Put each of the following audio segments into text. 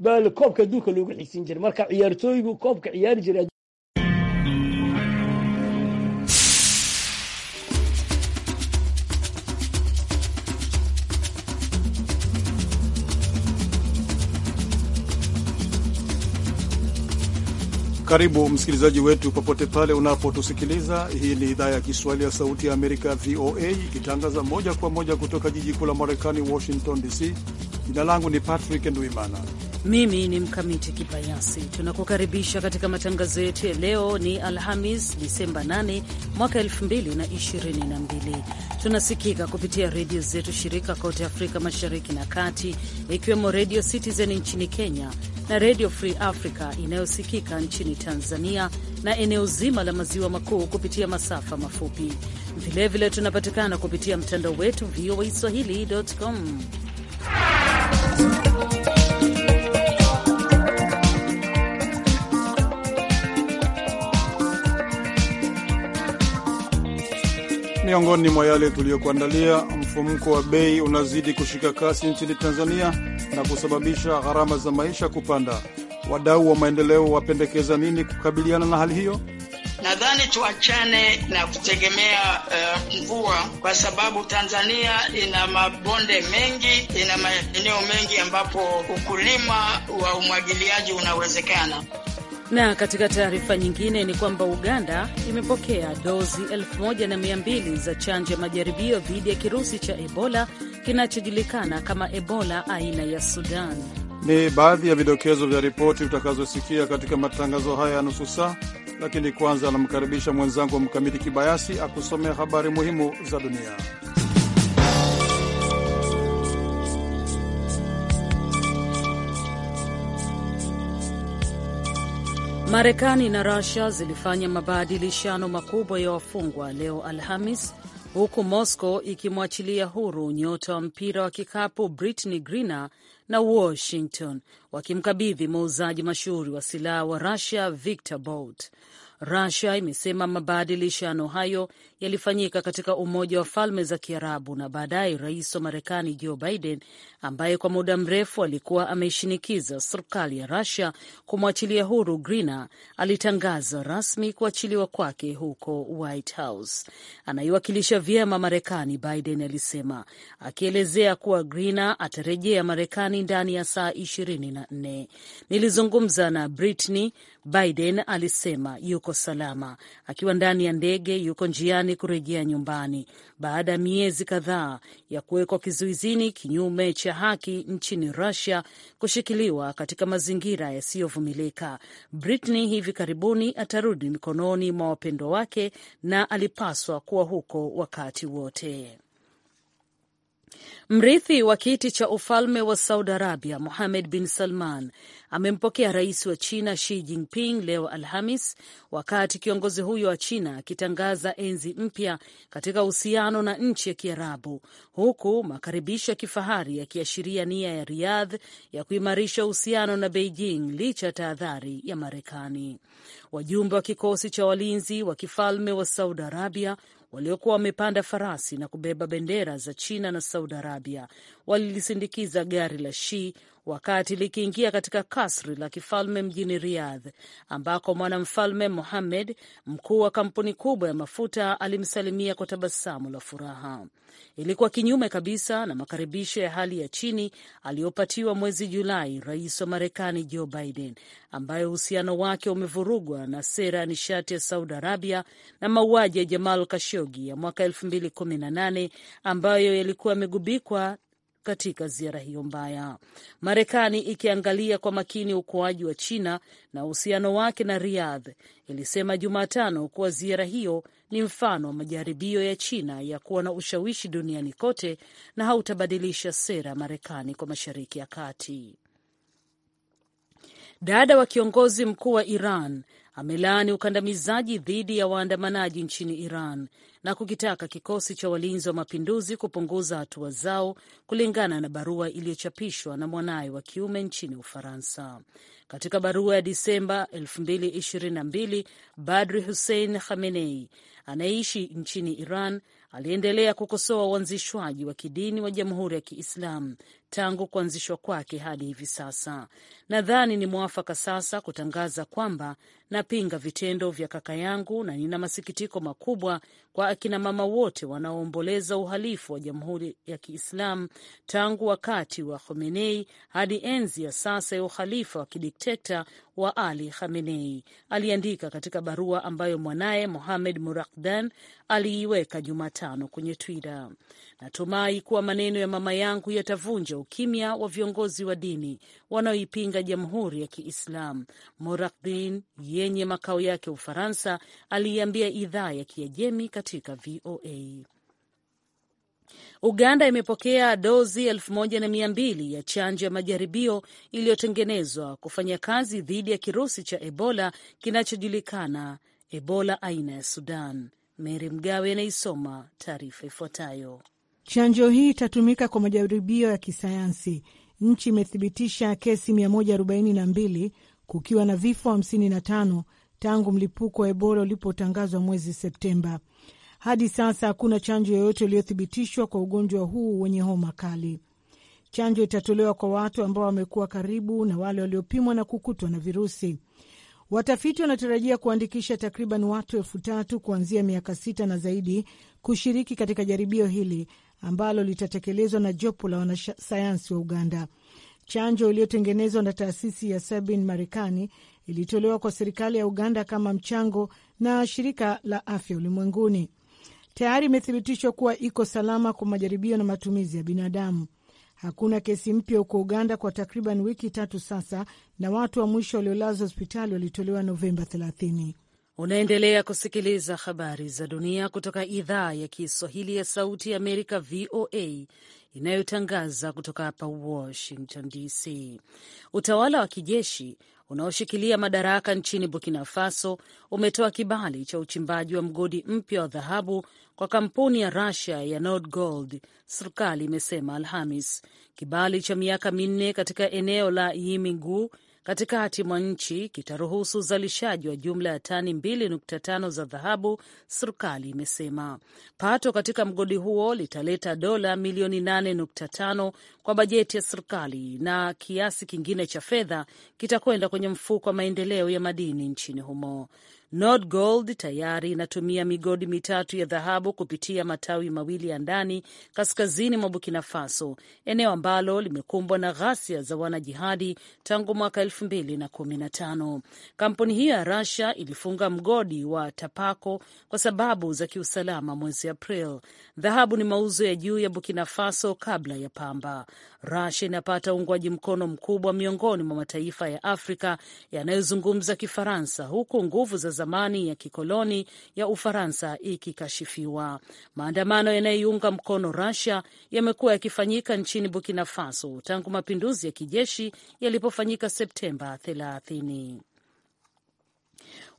baa koobka adduunka loogu xiisiin jiray marka ciyaartooygu koobka ciyaari jiray Karibu msikilizaji wetu popote pale unapotusikiliza. Hii ni idhaa ya Kiswahili ya Sauti ya Amerika, VOA, ikitangaza moja kwa moja kutoka jiji kuu la Marekani, Washington DC. Jina langu ni Patrick Ndwimana mimi ni Mkamiti Kibayasi. Tunakukaribisha katika matangazo yetu ya leo. Ni Alhamis, Disemba 8 mwaka 2022. Tunasikika kupitia redio zetu shirika kote Afrika Mashariki na Kati, ikiwemo Redio Citizen nchini Kenya na Redio Free Africa inayosikika nchini Tanzania na eneo zima la maziwa makuu kupitia masafa mafupi. Vilevile vile tunapatikana kupitia mtandao wetu voa swahili.com. Miongoni mwa yale tuliyokuandalia, mfumko wa bei unazidi kushika kasi nchini Tanzania na kusababisha gharama za maisha kupanda. Wadau wa maendeleo wapendekeza nini kukabiliana na hali hiyo? Nadhani tuachane na kutegemea uh, mvua kwa sababu Tanzania ina mabonde mengi, ina maeneo mengi ambapo ukulima wa umwagiliaji unawezekana. Na katika taarifa nyingine ni kwamba Uganda imepokea dozi 1200 za chanjo ya majaribio dhidi ya kirusi cha Ebola kinachojulikana kama Ebola aina ya Sudan. Ni baadhi ya vidokezo vya ripoti utakazosikia katika matangazo haya ya nusu saa, lakini kwanza anamkaribisha mwenzangu Mkamiti Kibayasi akusomea habari muhimu za dunia. Marekani na rusia zilifanya mabadilishano makubwa ya wafungwa leo Alhamis, huku Moscow ikimwachilia huru nyota wa mpira wa kikapu britny Griner na Washington wakimkabidhi muuzaji mashuhuri wa silaha wa rusia Victor Bout. rusia imesema mabadilishano hayo yalifanyika katika Umoja wa Falme za Kiarabu na baadaye rais wa Marekani Joe Biden, ambaye kwa muda mrefu alikuwa ameishinikiza serikali ya rusia kumwachilia huru Grina, alitangaza rasmi kuachiliwa kwake huko White House. Anaiwakilisha vyema Marekani, Biden alisema, akielezea kuwa Grina atarejea Marekani ndani ya saa ishirini na nne. Nilizungumza na Britney, Biden alisema yuko salama, akiwa ndani ya ndege, yuko njiani Marekani kurejea nyumbani baada ya miezi kadhaa ya kuwekwa kizuizini kinyume cha haki nchini rusia kushikiliwa katika mazingira yasiyovumilika. Britney hivi karibuni atarudi mikononi mwa wapendwa wake na alipaswa kuwa huko wakati wote. Mrithi wa kiti cha ufalme wa Saudi Arabia muhamed bin Salman amempokea rais wa China Xi Jinping leo Alhamis, wakati kiongozi huyo wa China akitangaza enzi mpya katika uhusiano na nchi ya Kiarabu, huku makaribisho ya kifahari yakiashiria nia ya Riyadh ya kuimarisha uhusiano na Beijing licha ya tahadhari ya Marekani. Wajumbe wa kikosi cha walinzi wa kifalme wa Saudi Arabia waliokuwa wamepanda farasi na kubeba bendera za China na Saudi Arabia walilisindikiza gari la Shi wakati likiingia katika kasri la kifalme mjini Riyadh, ambako mwanamfalme Mohammed, mkuu wa kampuni kubwa ya mafuta, alimsalimia kwa tabasamu la furaha. Ilikuwa kinyume kabisa na makaribisho ya hali ya chini aliyopatiwa mwezi Julai rais wa Marekani Joe Biden, ambaye uhusiano wake umevurugwa na sera ya nishati ya Saudi Arabia na mauaji ya Jamal Kashogi ya mwaka 2018 ambayo yalikuwa yamegubikwa katika ziara hiyo mbaya, Marekani ikiangalia kwa makini ukuaji wa China na uhusiano wake na Riyadh ilisema Jumatano kuwa ziara hiyo ni mfano wa majaribio ya China ya kuwa na ushawishi duniani kote na hautabadilisha sera Marekani kwa Mashariki ya Kati. Dada wa kiongozi mkuu wa Iran amelaani ukandamizaji dhidi ya waandamanaji nchini Iran na kukitaka kikosi cha walinzi wa mapinduzi kupunguza hatua zao kulingana na barua iliyochapishwa na mwanaye wa kiume nchini Ufaransa. Katika barua ya Disemba 2022, Badri Hussein Khamenei anayeishi nchini Iran aliendelea kukosoa uanzishwaji wa kidini wa Jamhuri ya Kiislamu tangu kuanzishwa kwake hadi hivi sasa. Nadhani ni mwafaka sasa kutangaza kwamba napinga vitendo vya kaka yangu na nina masikitiko makubwa kwa akinamama wote wanaoomboleza uhalifu wa Jamhuri ya Kiislamu tangu wakati wa Khomeini hadi enzi ya sasa ya uhalifa wa kidikteta wa Ali Khamenei, aliandika katika barua ambayo mwanaye Mohamed Murakdan aliiweka Jumatano kwenye Twitter. Natumai kuwa maneno ya mama yangu yatavunja ukimya wa viongozi wa dini wanaoipinga jamhuri ya Kiislam. Morakdin yenye makao yake Ufaransa aliiambia idhaa ya Kiajemi katika VOA. Uganda imepokea dozi elfu moja na mia mbili ya chanjo ya majaribio iliyotengenezwa kufanya kazi dhidi ya kirusi cha Ebola kinachojulikana Ebola aina ya Sudan. Mary Mgawe anaisoma taarifa ifuatayo. Chanjo hii itatumika kwa majaribio ya kisayansi. Nchi imethibitisha kesi 142 kukiwa na vifo 55 tangu mlipuko wa Ebola ulipotangazwa mwezi Septemba. Hadi sasa hakuna chanjo yoyote iliyothibitishwa kwa ugonjwa huu wenye homa kali. Chanjo itatolewa kwa watu ambao wamekuwa karibu na wale waliopimwa na kukutwa na virusi. Watafiti wanatarajia kuandikisha takriban watu elfu tatu kuanzia miaka sita na zaidi kushiriki katika jaribio hili ambalo litatekelezwa na jopo la wanasayansi wa Uganda. Chanjo iliyotengenezwa na taasisi ya Sabin Marekani ilitolewa kwa serikali ya Uganda kama mchango na shirika la afya ulimwenguni. Tayari imethibitishwa kuwa iko salama kwa majaribio na matumizi ya binadamu. Hakuna kesi mpya huko Uganda kwa takriban wiki tatu sasa, na watu wa mwisho waliolazwa hospitali walitolewa Novemba 30. Unaendelea kusikiliza habari za dunia kutoka idhaa ya Kiswahili ya Sauti ya Amerika, VOA, inayotangaza kutoka hapa Washington DC. Utawala wa kijeshi unaoshikilia madaraka nchini Burkina Faso umetoa kibali cha uchimbaji wa mgodi mpya wa dhahabu kwa kampuni ya Russia ya Nord Gold, serikali imesema Alhamis. Kibali cha miaka minne katika eneo la Yimingu katikati mwa nchi kitaruhusu uzalishaji wa jumla ya tani 2.5 za dhahabu, serikali imesema. Pato katika mgodi huo litaleta dola milioni 8.5 kwa bajeti ya serikali na kiasi kingine cha fedha kitakwenda kwenye mfuko wa maendeleo ya madini nchini humo. Nordgold tayari inatumia migodi mitatu ya dhahabu kupitia matawi mawili ya ndani kaskazini mwa Burkina Faso, eneo ambalo limekumbwa na ghasia za wanajihadi tangu mwaka elfu mbili na kumi na tano. Kampuni hiyo ya rusia ilifunga mgodi wa Tapako kwa sababu za kiusalama mwezi April. Dhahabu ni mauzo ya juu ya Burkina Faso kabla ya pamba. Russia inapata uungwaji mkono mkubwa miongoni mwa mataifa ya Afrika yanayozungumza Kifaransa, huku nguvu za zamani ya kikoloni ya Ufaransa ikikashifiwa. Maandamano yanayoiunga mkono rusia yamekuwa yakifanyika nchini Burkina Faso tangu mapinduzi ya kijeshi yalipofanyika Septemba 30.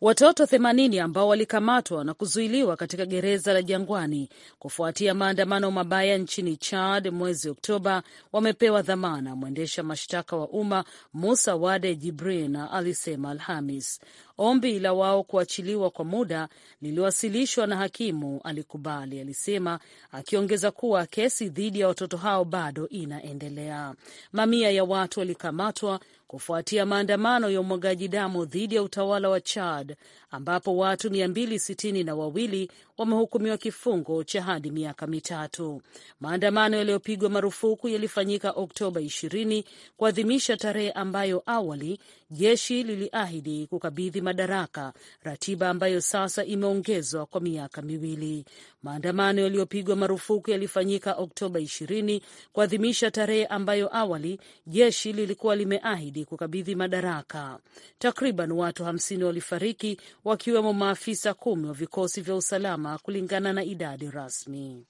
Watoto 80 ambao walikamatwa na kuzuiliwa katika gereza la Jangwani kufuatia maandamano mabaya nchini Chad mwezi Oktoba wamepewa dhamana, mwendesha mashtaka wa umma Musa Wade jibrin alisema Alhamis. Ombi la wao kuachiliwa kwa muda liliwasilishwa na hakimu alikubali, alisema, akiongeza kuwa kesi dhidi ya watoto hao bado inaendelea. Mamia ya watu walikamatwa kufuatia maandamano ya umwagaji damu dhidi ya utawala wa Chad ambapo watu mia mbili sitini na wawili wamehukumiwa kifungo cha hadi miaka mitatu. Maandamano yaliyopigwa marufuku yalifanyika Oktoba 20 kuadhimisha tarehe ambayo awali jeshi liliahidi kukabidhi madaraka, ratiba ambayo sasa imeongezwa kwa miaka miwili. Maandamano yaliyopigwa marufuku yalifanyika Oktoba 20 kuadhimisha tarehe ambayo awali jeshi lilikuwa limeahidi kukabidhi madaraka. Takriban watu 50 walifariki wakiwemo maafisa kumi wa vikosi vya usalama kulingana na idadi rasmi.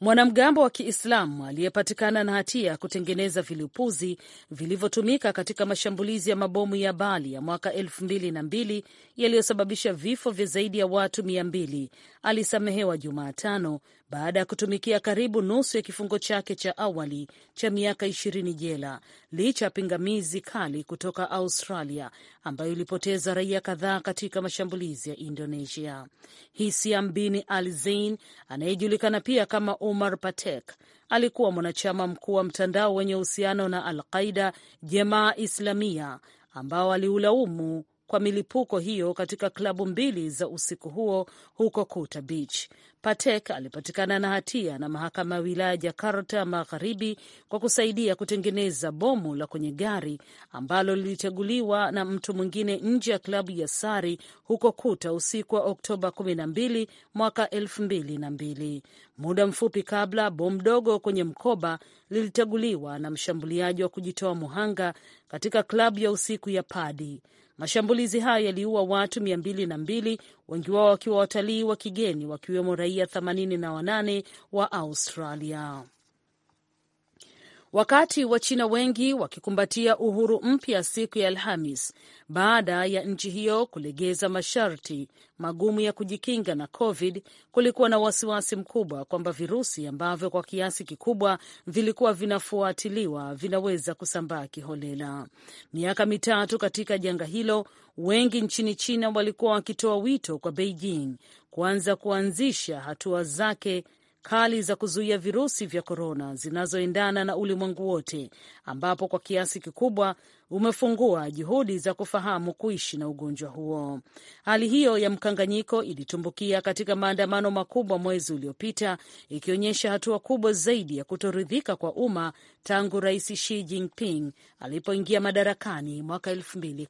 Mwanamgambo wa Kiislamu aliyepatikana na hatia ya kutengeneza vilipuzi vilivyotumika katika mashambulizi ya mabomu ya Bali ya mwaka elfu mbili na mbili yaliyosababisha vifo vya zaidi ya watu mia mbili alisamehewa Jumatano baada ya kutumikia karibu nusu ya kifungo chake cha awali cha miaka ishirini jela licha ya pingamizi kali kutoka Australia ambayo ilipoteza raia kadhaa katika mashambulizi ya Indonesia. Hisiam bin Al Zein anayejulikana pia kama Umar Patek alikuwa mwanachama mkuu wa mtandao wenye uhusiano na Al Qaida Jemaa Islamia ambao aliulaumu kwa milipuko hiyo katika klabu mbili za usiku huo huko Kuta Beach. Patek alipatikana na hatia na mahakama ya wilaya Jakarta Magharibi kwa kusaidia kutengeneza bomu la kwenye gari ambalo liliteguliwa na mtu mwingine nje ya klabu ya Sari huko Kuta usiku wa Oktoba 12 mwaka 2002. Muda mfupi kabla, bomu dogo kwenye mkoba liliteguliwa na mshambuliaji wa kujitoa muhanga katika klabu ya usiku ya Padi. Mashambulizi hayo yaliua watu mia mbili na mbili, wengi wao wakiwa watalii wa kigeni wakiwemo raia 88 wa Australia wakati Wachina wengi wakikumbatia uhuru mpya siku ya Alhamis baada ya nchi hiyo kulegeza masharti magumu ya kujikinga na COVID, kulikuwa na wasiwasi mkubwa kwamba virusi ambavyo kwa kiasi kikubwa vilikuwa vinafuatiliwa vinaweza kusambaa kiholela. Miaka mitatu katika janga hilo, wengi nchini China walikuwa wakitoa wito kwa Beijing kuanza kuanzisha hatua zake kali za kuzuia virusi vya korona zinazoendana na ulimwengu wote, ambapo kwa kiasi kikubwa umefungua juhudi za kufahamu kuishi na ugonjwa huo. Hali hiyo ya mkanganyiko ilitumbukia katika maandamano makubwa mwezi uliopita, ikionyesha hatua kubwa zaidi ya kutoridhika kwa umma tangu Rais Xi Jinping alipoingia madarakani mwaka mbili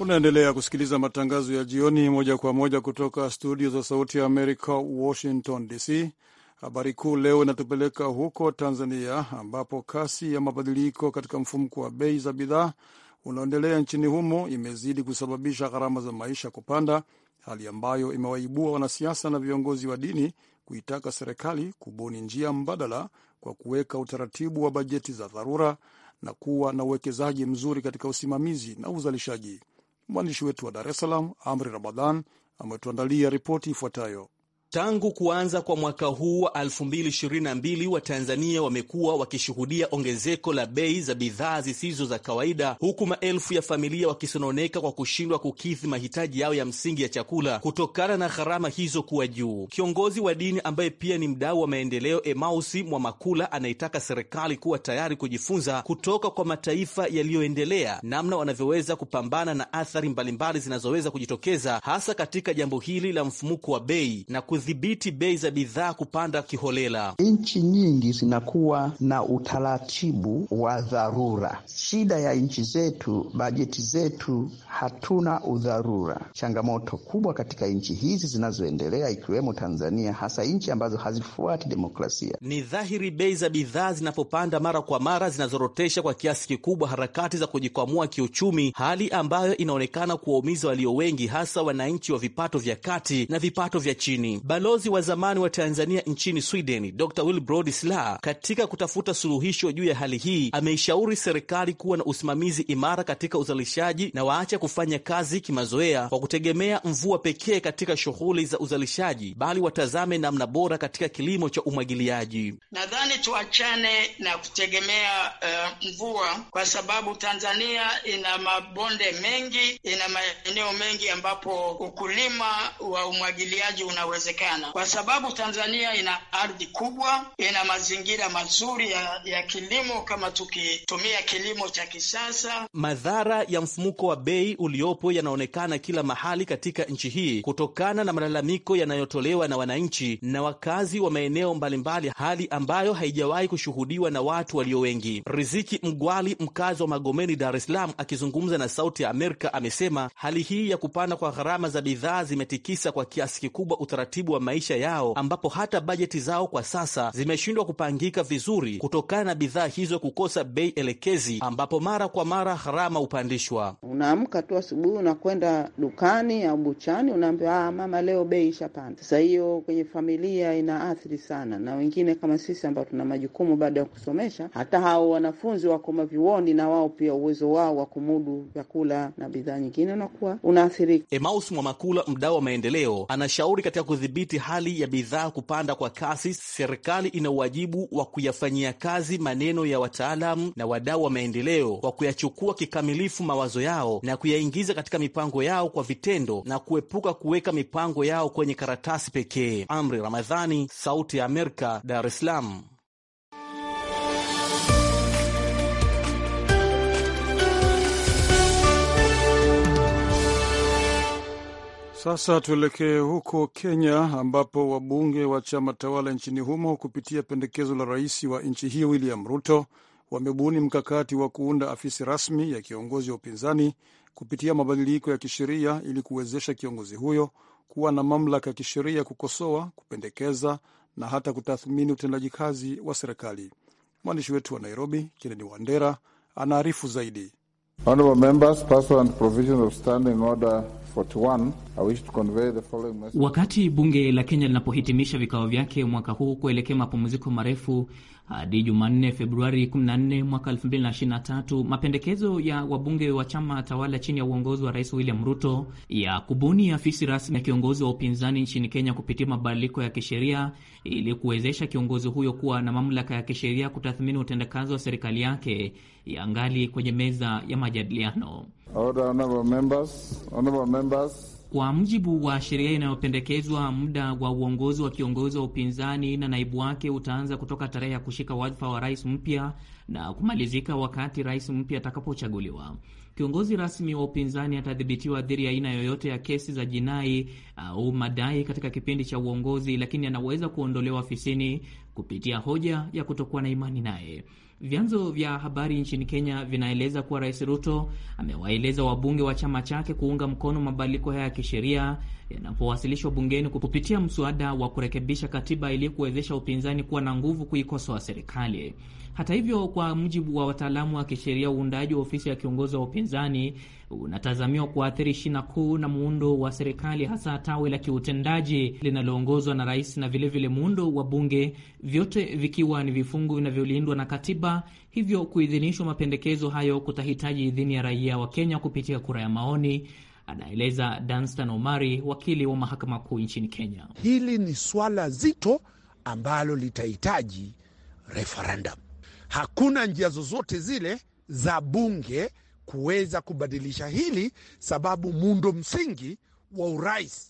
Unaendelea kusikiliza matangazo ya jioni moja kwa moja kutoka studio za Sauti ya Amerika, Washington DC. Habari kuu leo inatupeleka huko Tanzania, ambapo kasi ya mabadiliko katika mfumko wa bei za bidhaa unaoendelea nchini humo imezidi kusababisha gharama za maisha kupanda, hali ambayo imewaibua wanasiasa na viongozi wa dini kuitaka serikali kubuni njia mbadala kwa kuweka utaratibu wa bajeti za dharura na kuwa na uwekezaji mzuri katika usimamizi na uzalishaji. Mwandishi wetu wa Dar es Salaam, Amri Ramadhan, ametuandalia ripoti ifuatayo. Tangu kuanza kwa mwaka huu wa 2022 Watanzania wamekuwa wakishuhudia ongezeko la bei za bidhaa zisizo za kawaida, huku maelfu ya familia wakisononeka kwa kushindwa kukidhi mahitaji yao ya msingi ya chakula kutokana na gharama hizo kuwa juu. Kiongozi wa dini ambaye pia ni mdau wa maendeleo, Emausi Mwamakula, anaitaka serikali kuwa tayari kujifunza kutoka kwa mataifa yaliyoendelea namna wanavyoweza kupambana na athari mbalimbali zinazoweza kujitokeza hasa katika jambo hili la mfumuko wa bei na kudhibiti bei za bidhaa kupanda kiholela. Nchi nyingi zinakuwa na utaratibu wa dharura. Shida ya nchi zetu, bajeti zetu, hatuna udharura. Changamoto kubwa katika nchi hizi zinazoendelea ikiwemo Tanzania, hasa nchi ambazo hazifuati demokrasia. Ni dhahiri bei za bidhaa zinapopanda mara kwa mara zinazorotesha kwa kiasi kikubwa harakati za kujikwamua kiuchumi, hali ambayo inaonekana kuwaumiza walio wengi, hasa wananchi wa vipato vya kati na vipato vya chini. Balozi wa zamani wa Tanzania nchini Sweden, Dr Wilbrod Slaa, katika kutafuta suluhisho juu ya hali hii, ameishauri serikali kuwa na usimamizi imara katika uzalishaji na waache kufanya kazi kimazoea kwa kutegemea mvua pekee katika shughuli za uzalishaji, bali watazame namna bora katika kilimo cha umwagiliaji. Nadhani tuachane na kutegemea uh, mvua kwa sababu Tanzania ina mabonde mengi, ina maeneo mengi ambapo ukulima wa umwagiliaji unawezekana inawezekana, kwa sababu Tanzania ina ardhi kubwa, ina mazingira mazuri ya, ya kilimo kama tukitumia kilimo cha kisasa. Madhara ya mfumuko wa bei uliopo yanaonekana kila mahali katika nchi hii kutokana na malalamiko yanayotolewa na wananchi na wakazi wa maeneo mbalimbali, hali ambayo haijawahi kushuhudiwa na watu walio wengi. Riziki Mgwali, mkazi wa Magomeni, Dar es Salaam, akizungumza na Sauti ya Amerika amesema hali hii ya kupanda kwa gharama za bidhaa zimetikisa kwa kiasi kikubwa utaratibu utaratibu wa maisha yao, ambapo hata bajeti zao kwa sasa zimeshindwa kupangika vizuri kutokana na bidhaa hizo kukosa bei elekezi, ambapo mara kwa mara gharama hupandishwa. Unaamka tu asubuhi, unakwenda dukani au buchani, unaambiwa ah, mama, leo bei ishapanda. Sasa hiyo kwenye familia inaathiri sana, na wengine kama sisi ambao tuna majukumu baada ya kusomesha, hata hao wanafunzi wako mavyuoni, na wao pia uwezo wao wa kumudu vyakula na bidhaa nyingine unakuwa unaathirika. Emaus Mwamakula, mdau wa maendeleo, anashauri katika kudhibiti kudhibiti hali ya bidhaa kupanda kwa kasi, serikali ina uwajibu wa kuyafanyia kazi maneno ya wataalamu na wadau wa maendeleo kwa kuyachukua kikamilifu mawazo yao na kuyaingiza katika mipango yao kwa vitendo na kuepuka kuweka mipango yao kwenye karatasi pekee. Amri Ramadhani, Sauti ya Amerika, Dar es Salaam. Sasa tuelekee huko Kenya, ambapo wabunge wa chama tawala nchini humo kupitia pendekezo la rais wa nchi hiyo William Ruto wamebuni mkakati wa kuunda afisi rasmi ya kiongozi wa upinzani kupitia mabadiliko ya kisheria ili kuwezesha kiongozi huyo kuwa na mamlaka ya kisheria kukosoa, kupendekeza na hata kutathmini utendaji kazi wa serikali. Mwandishi wetu wa Nairobi, Kennedy Wandera, anaarifu zaidi. Members, Wakati bunge la Kenya linapohitimisha vikao vyake mwaka huu kuelekea mapumziko marefu, hadi Jumanne, Februari 14 mwaka 2023, mapendekezo ya wabunge wa chama tawala chini ya uongozi wa Rais William Ruto ya kubuni afisi rasmi ya kiongozi wa upinzani nchini Kenya kupitia mabadiliko ya kisheria ili kuwezesha kiongozi huyo kuwa na mamlaka ya kisheria kutathmini utendakazi wa serikali yake ya ngali kwenye meza ya majadiliano. Order, honorable members, honorable members. Kwa mujibu wa sheria inayopendekezwa, muda wa uongozi wa kiongozi wa upinzani na naibu wake utaanza kutoka tarehe ya kushika wadhifa wa rais mpya na kumalizika wakati rais mpya atakapochaguliwa. Kiongozi rasmi wa upinzani atadhibitiwa dhiri ya aina yoyote ya kesi za jinai au madai katika kipindi cha uongozi, lakini anaweza kuondolewa ofisini kupitia hoja ya kutokuwa na imani naye. Vyanzo vya habari nchini Kenya vinaeleza kuwa Rais Ruto amewaeleza wabunge wa chama chake kuunga mkono mabadiliko haya ya kisheria yanapowasilishwa bungeni kupitia mswada wa kurekebisha katiba ili kuwezesha upinzani kuwa na nguvu kuikosoa serikali. Hata hivyo, kwa mujibu wa wataalamu wa kisheria, uundaji wa ofisi ya kiongozi wa upinzani unatazamiwa kuathiri shina kuu na muundo wa serikali, hasa tawi la kiutendaji linaloongozwa na rais na vilevile vile muundo wa bunge, vyote vikiwa ni vifungu vinavyolindwa na katiba. Hivyo kuidhinishwa mapendekezo hayo kutahitaji idhini ya raia wa Kenya kupitia kura ya maoni. Anaeleza Danstan Omari, wakili wa mahakama kuu nchini Kenya. Hili ni swala zito ambalo litahitaji referendum. Hakuna njia zozote zile za bunge kuweza kubadilisha hili, sababu muundo msingi wa urais,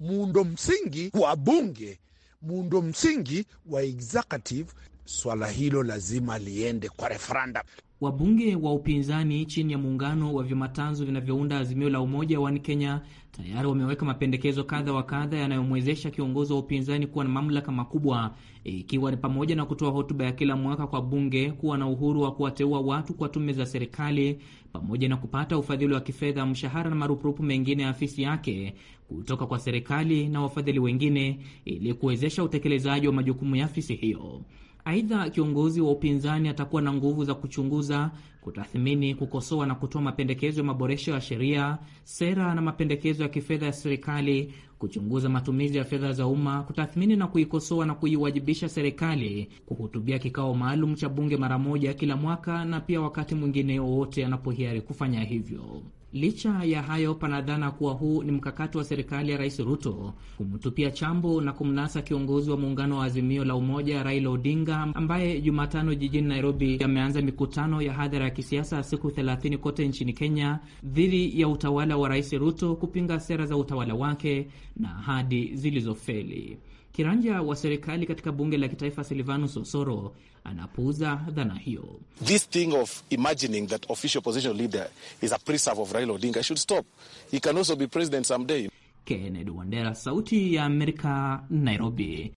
muundo msingi wa bunge, muundo msingi wa executive, swala hilo lazima liende kwa referendum. Wabunge wa upinzani chini ya muungano wa vyama tanzu vinavyounda Azimio la Umoja wani Kenya tayari wameweka mapendekezo kadha wa kadha yanayomwezesha kiongozi wa upinzani kuwa na mamlaka makubwa, ikiwa ni pamoja na kutoa hotuba ya kila mwaka kwa bunge, kuwa na uhuru wa kuwateua watu kwa tume za serikali, pamoja na kupata ufadhili wa kifedha, mshahara na marupurupu mengine ya afisi yake kutoka kwa serikali na wafadhili wengine, ili kuwezesha utekelezaji wa majukumu ya afisi hiyo. Aidha, kiongozi wa upinzani atakuwa na nguvu za kuchunguza, kutathmini, kukosoa na kutoa mapendekezo ya maboresho ya sheria, sera na mapendekezo ya kifedha ya serikali, kuchunguza matumizi ya fedha za umma, kutathmini na kuikosoa na kuiwajibisha serikali, kuhutubia kikao maalum cha bunge mara moja kila mwaka, na pia wakati mwingine wowote anapohiari kufanya hivyo. Licha ya hayo, panadhana kuwa huu ni mkakati wa serikali ya Rais Ruto kumtupia chambo na kumnasa kiongozi wa muungano wa Azimio la Umoja Raila Odinga, ambaye Jumatano jijini Nairobi ameanza mikutano ya hadhara ya kisiasa siku 30 kote nchini Kenya dhidi ya utawala wa Rais Ruto kupinga sera za utawala wake na ahadi zilizofeli. Kiranja wa serikali katika bunge la kitaifa Silvanus Osoro anapuuza dhana hiyo. This thing of imagining that official position leader is a preserve of Raila Odinga should stop. He can also be president someday. Kennedy Wandera, Sauti ya Amerika, Nairobi.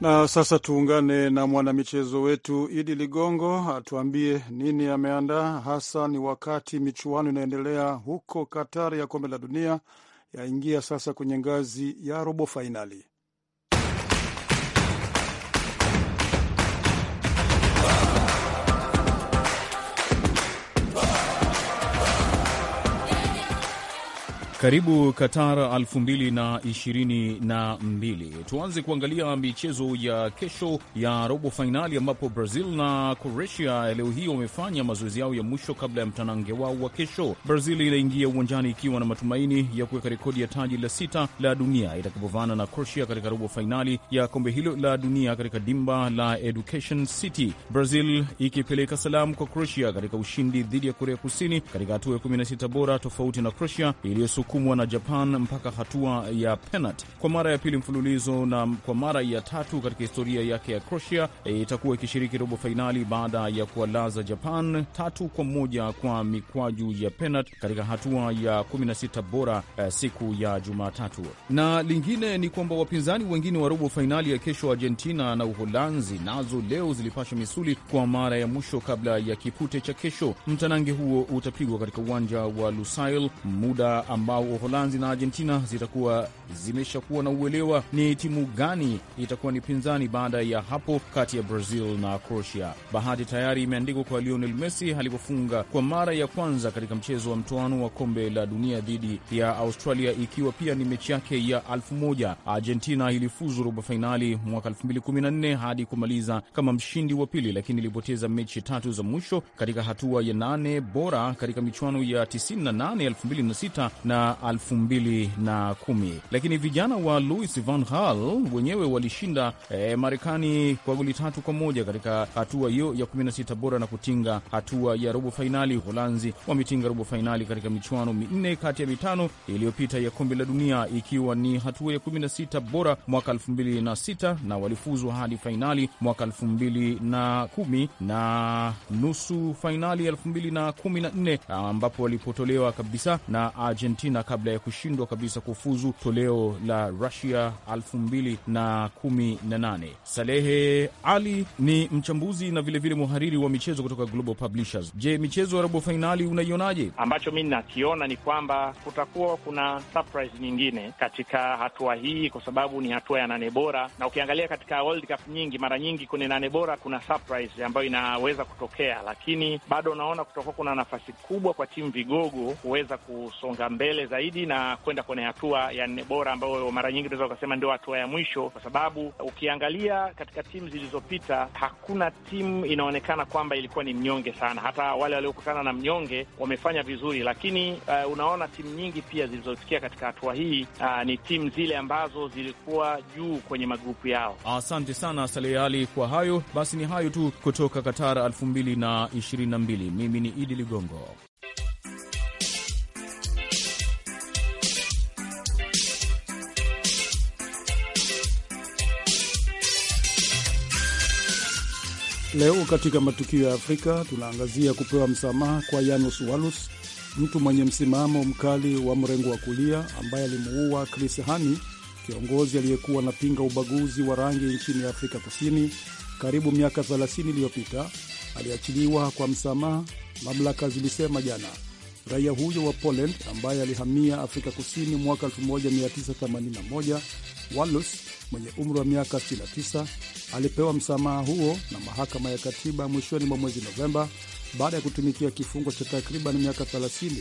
Na sasa tuungane na mwanamichezo wetu Idi Ligongo atuambie nini ameandaa hasa, ni wakati michuano inaendelea huko katari ya kombe la dunia yaingia sasa kwenye ngazi ya robo fainali. Karibu Qatar 2022. Tuanze kuangalia michezo ya kesho ya robo fainali ambapo Brazil na Croatia leo hii wamefanya mazoezi yao ya mwisho kabla ya mtanange wao wa kesho. Brazil inaingia uwanjani ikiwa na matumaini ya kuweka rekodi ya taji la sita la dunia itakapovana na Croatia katika robo fainali ya kombe hilo la dunia katika dimba la Education City. Brazil ikipeleka salamu kwa Croatia katika ushindi dhidi ya Korea Kusini katika hatua ya 16 bora tofauti na Croatia iliyosuka kusukumwa na Japan mpaka hatua ya penalti kwa mara ya pili mfululizo na kwa mara ya tatu katika historia yake ya Croatia e, itakuwa ikishiriki robo fainali baada ya kuwalaza Japan tatu kwa moja kwa mikwaju ya penalti katika hatua ya 16 bora e, siku ya Jumatatu. Na lingine ni kwamba wapinzani wengine wa robo fainali ya kesho, Argentina na Uholanzi, nazo leo zilipasha misuli kwa mara ya mwisho kabla ya kipute cha kesho. Mtanange huo utapigwa katika uwanja wa Lusail muda ambao ambao Uholanzi na Argentina zitakuwa zimeshakuwa na uelewa ni timu gani itakuwa ni pinzani baada ya hapo kati ya Brazil na Croatia. Bahati tayari imeandikwa kwa Lionel Messi alipofunga kwa mara ya kwanza katika mchezo wa mtoano wa kombe la dunia dhidi ya Australia, ikiwa pia ni mechi yake ya elfu moja. Argentina ilifuzu robo fainali mwaka 2014 hadi kumaliza kama mshindi wa pili, lakini ilipoteza mechi tatu za mwisho katika hatua ya nane bora katika michuano ya 98, 2006 na 2010, lakini vijana wa Louis Van Gaal wenyewe walishinda eh, Marekani kwa goli tatu kwa moja katika hatua hiyo ya 16 bora na kutinga hatua ya robo fainali. Uholanzi wametinga robo fainali katika michuano minne kati ya mitano iliyopita ya kombe la dunia ikiwa ni hatua ya 16 bora mwaka 2006 na walifuzwa hadi fainali mwaka 2010 na nusu fainali 2014 ambapo walipotolewa kabisa na Argentina China kabla ya kushindwa kabisa kufuzu toleo la Rusia 2018. Salehe Ali ni mchambuzi na vilevile muhariri wa michezo kutoka Global Publishers. Je, michezo ya robo fainali unaionaje? Ambacho mi nakiona ni kwamba kutakuwa kuna surprise nyingine katika hatua hii, kwa sababu ni hatua ya nane bora, na ukiangalia katika World Cup nyingi, mara nyingi kwenye nane bora kuna surprise ambayo inaweza kutokea, lakini bado unaona kutakuwa kuna nafasi kubwa kwa timu vigogo kuweza kusonga mbele mbele zaidi na kwenda kwenye hatua ya nne bora ambayo mara nyingi unaweza ukasema ndio hatua ya mwisho, kwa sababu ukiangalia katika timu zilizopita hakuna timu inaonekana kwamba ilikuwa ni mnyonge sana. Hata wale waliokutana na mnyonge wamefanya vizuri, lakini uh, unaona timu nyingi pia zilizofikia katika hatua hii uh, ni timu zile ambazo zilikuwa juu kwenye magrupu yao. Asante sana Saleh Ali kwa hayo. Basi ni hayo tu kutoka Katara 2022. Mimi ni Idi Ligongo. Leo katika matukio ya Afrika tunaangazia kupewa msamaha kwa Yanus Walus, mtu mwenye msimamo mkali wa mrengo wa kulia ambaye alimuua Chris Hani, kiongozi aliyekuwa anapinga ubaguzi wa rangi nchini Afrika Kusini karibu miaka 30 iliyopita. Aliachiliwa kwa msamaha, mamlaka zilisema jana. Raia huyo wa Poland ambaye alihamia Afrika Kusini mwaka 1981 Wallace mwenye umri wa miaka 69 alipewa msamaha huo na mahakama ya katiba mwishoni mwa mwezi Novemba baada ya kutumikia kifungo cha takriban miaka 30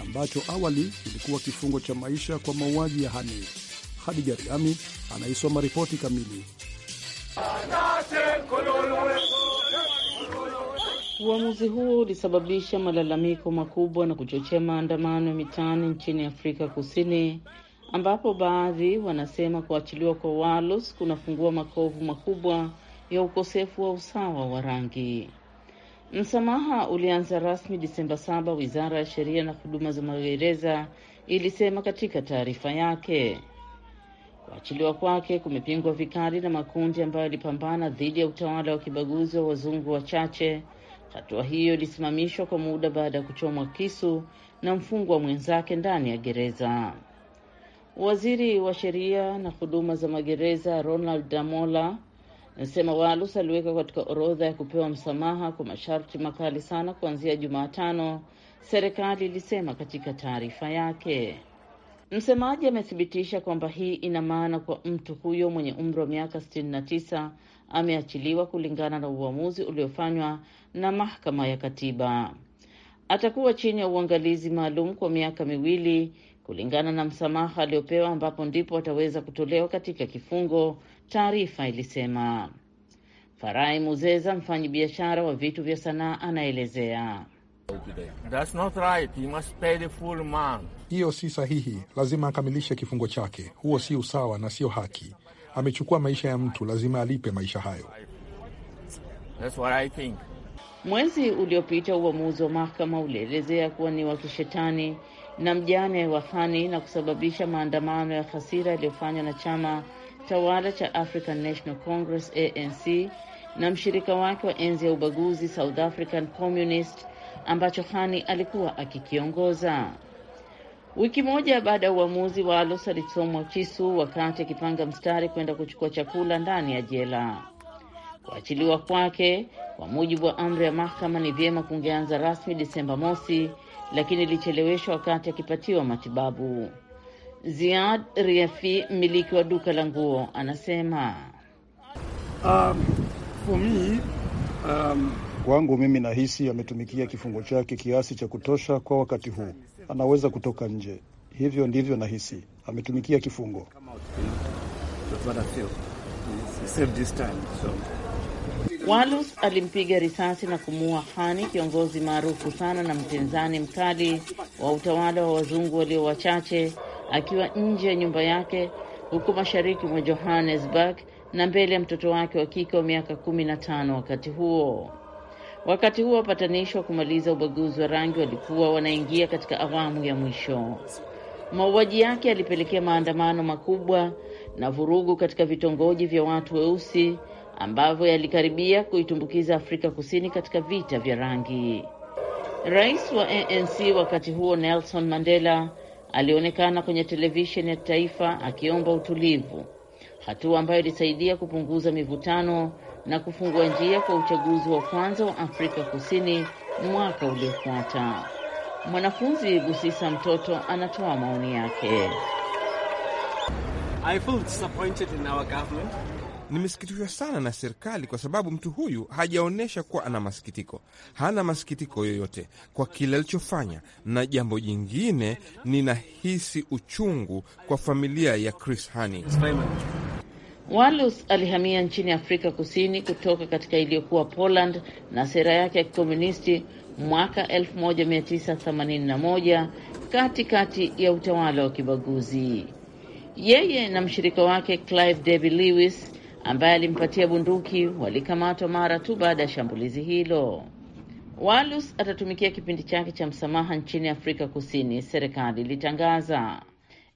ambacho awali kilikuwa kifungo cha maisha kwa mauaji ya Hani. Hadija Riami anaisoma ripoti kamili. Uamuzi huo ulisababisha malalamiko makubwa na kuchochea maandamano ya mitaani nchini Afrika Kusini ambapo baadhi wanasema kuachiliwa kwa Walos kunafungua makovu makubwa ya ukosefu wa usawa wa rangi. Msamaha ulianza rasmi Disemba saba, wizara ya sheria na huduma za magereza ilisema katika taarifa yake. Kuachiliwa kwake kumepingwa vikali na makundi ambayo yalipambana dhidi ya utawala wa kibaguzi wa wazungu wachache. Hatua hiyo ilisimamishwa kwa muda baada ya kuchomwa kisu na mfungwa mwenzake ndani ya gereza. Waziri wa sheria na huduma za magereza Ronald Damola anasema Walus aliweka katika orodha ya kupewa msamaha kwa masharti makali sana kuanzia Jumatano, serikali ilisema katika taarifa yake. Msemaji amethibitisha kwamba hii ina maana kwa mtu huyo mwenye umri wa miaka 69 ameachiliwa kulingana na uamuzi uliofanywa na mahakama ya katiba. Atakuwa chini ya uangalizi maalum kwa miaka miwili kulingana na msamaha aliopewa, ambapo ndipo ataweza kutolewa katika kifungo, taarifa ilisema. Farai Muzeza, mfanyi biashara wa vitu vya sanaa, anaelezea. Hiyo right. si sahihi, lazima akamilishe kifungo chake. Huo si usawa na sio haki. Amechukua maisha ya mtu, lazima alipe maisha hayo. That's what I think. Mwezi uliopita uamuzi wa mahakama ulielezea kuwa ni wa kishetani na mjane wa Thani na kusababisha maandamano ya hasira yaliyofanywa na chama tawala cha African National Congress ANC na mshirika wake wa enzi ya ubaguzi South African Communist ambacho Hani alikuwa akikiongoza. Wiki moja baada ya uamuzi wa Alos alisomwa kisu wakati akipanga mstari kwenda kuchukua chakula ndani ya jela. Kuachiliwa kwake kwa mujibu wa amri ya mahakama ni vyema kungeanza rasmi Desemba mosi lakini ilicheleweshwa wakati akipatiwa matibabu. Ziad Riafi, mmiliki wa duka la nguo, anasema um, for me, um... kwangu mimi nahisi ametumikia kifungo chake kiasi cha kutosha kwa wakati huu, anaweza kutoka nje. Hivyo ndivyo nahisi ametumikia kifungo. Walus alimpiga risasi na kumuua hani kiongozi maarufu sana na mpinzani mkali wa utawala wa wazungu walio wachache, akiwa nje ya nyumba yake huko mashariki mwa Johannesburg na mbele ya mtoto wake wa kike wa miaka kumi na tano wakati huo. Wakati huo wapatanishi wa kumaliza ubaguzi wa rangi walikuwa wanaingia katika awamu ya mwisho. Mauaji yake yalipelekea maandamano makubwa na vurugu katika vitongoji vya watu weusi ambavyo yalikaribia kuitumbukiza Afrika Kusini katika vita vya rangi. Rais wa ANC wakati huo Nelson Mandela alionekana kwenye televisheni ya taifa akiomba utulivu, hatua ambayo ilisaidia kupunguza mivutano na kufungua njia kwa uchaguzi wa kwanza wa Afrika Kusini mwaka uliofuata. Mwanafunzi Busisa Mtoto anatoa maoni yake. I feel disappointed in our government. Nimesikitishwa sana na serikali kwa sababu mtu huyu hajaonyesha kuwa ana masikitiko, hana masikitiko yoyote kwa kile alichofanya. Na jambo jingine, ninahisi uchungu kwa familia ya Chris Hani. Walus alihamia nchini Afrika Kusini kutoka katika iliyokuwa Poland na sera yake ya kikomunisti mwaka 1981 katikati ya utawala wa kibaguzi. Yeye na mshirika wake Clive David Lewis ambaye alimpatia bunduki walikamatwa mara tu baada ya shambulizi hilo. Walus atatumikia kipindi chake cha msamaha nchini Afrika Kusini, serikali ilitangaza.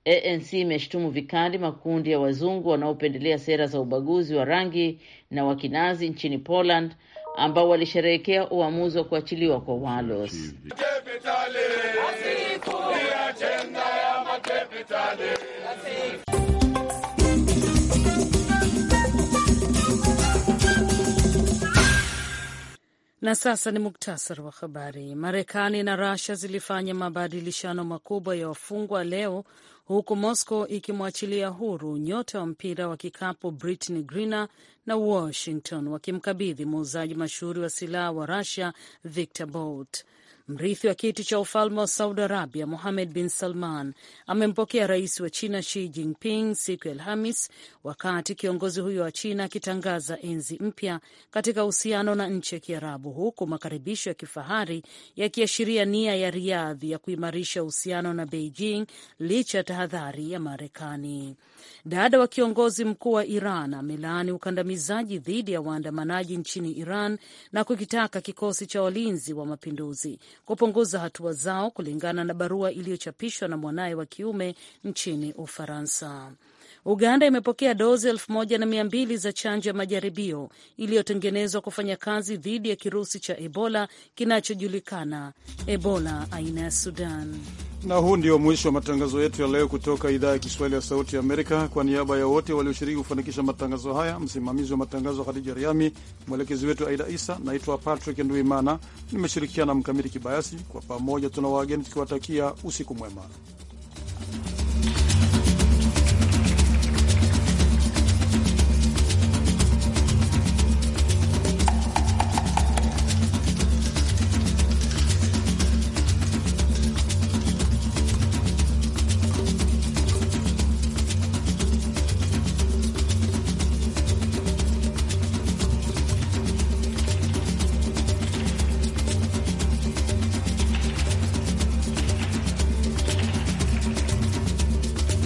ANC imeshutumu vikali makundi ya wazungu wanaopendelea sera za ubaguzi wa rangi na wakinazi nchini Poland ambao walisherehekea uamuzi wa kuachiliwa kwa Walus. Na sasa ni muktasari wa habari. Marekani na rusia zilifanya mabadilishano makubwa ya wafungwa leo huku Moscow ikimwachilia huru nyota wa mpira wa kikapu Britney Griner na Washington wakimkabidhi muuzaji mashuhuri wa silaha wa rusia Victor Bout. Mrithi wa kiti cha ufalme wa Saudi Arabia Mohammed bin Salman amempokea rais wa China Xi Jinping siku ya Alhamis, wakati kiongozi huyo wa China akitangaza enzi mpya katika uhusiano na nchi ya Kiarabu, huku makaribisho ya kifahari yakiashiria nia ya Riyadh ya kuimarisha uhusiano na Beijing licha ya tahadhari ya Marekani. Dada wa kiongozi mkuu wa Iran amelaani ukandamizaji dhidi ya waandamanaji nchini Iran na kukitaka kikosi cha walinzi wa mapinduzi kupunguza hatua zao kulingana na barua iliyochapishwa na mwanaye wa kiume nchini Ufaransa. Uganda imepokea dozi elfu moja na mia mbili za chanjo ya majaribio iliyotengenezwa kufanya kazi dhidi ya kirusi cha Ebola kinachojulikana Ebola aina ya Sudan. Na huu ndio mwisho wa matangazo yetu ya leo kutoka idhaa ya Kiswahili ya Sauti ya Amerika. Kwa niaba ya wote walioshiriki kufanikisha matangazo haya, msimamizi wa matangazo Khadija Riami, mwelekezi wetu Aida Isa, naitwa Patrick Nduimana, nimeshirikiana na Mkamiti Kibayasi. Kwa pamoja tuna wageni tukiwatakia usiku mwema.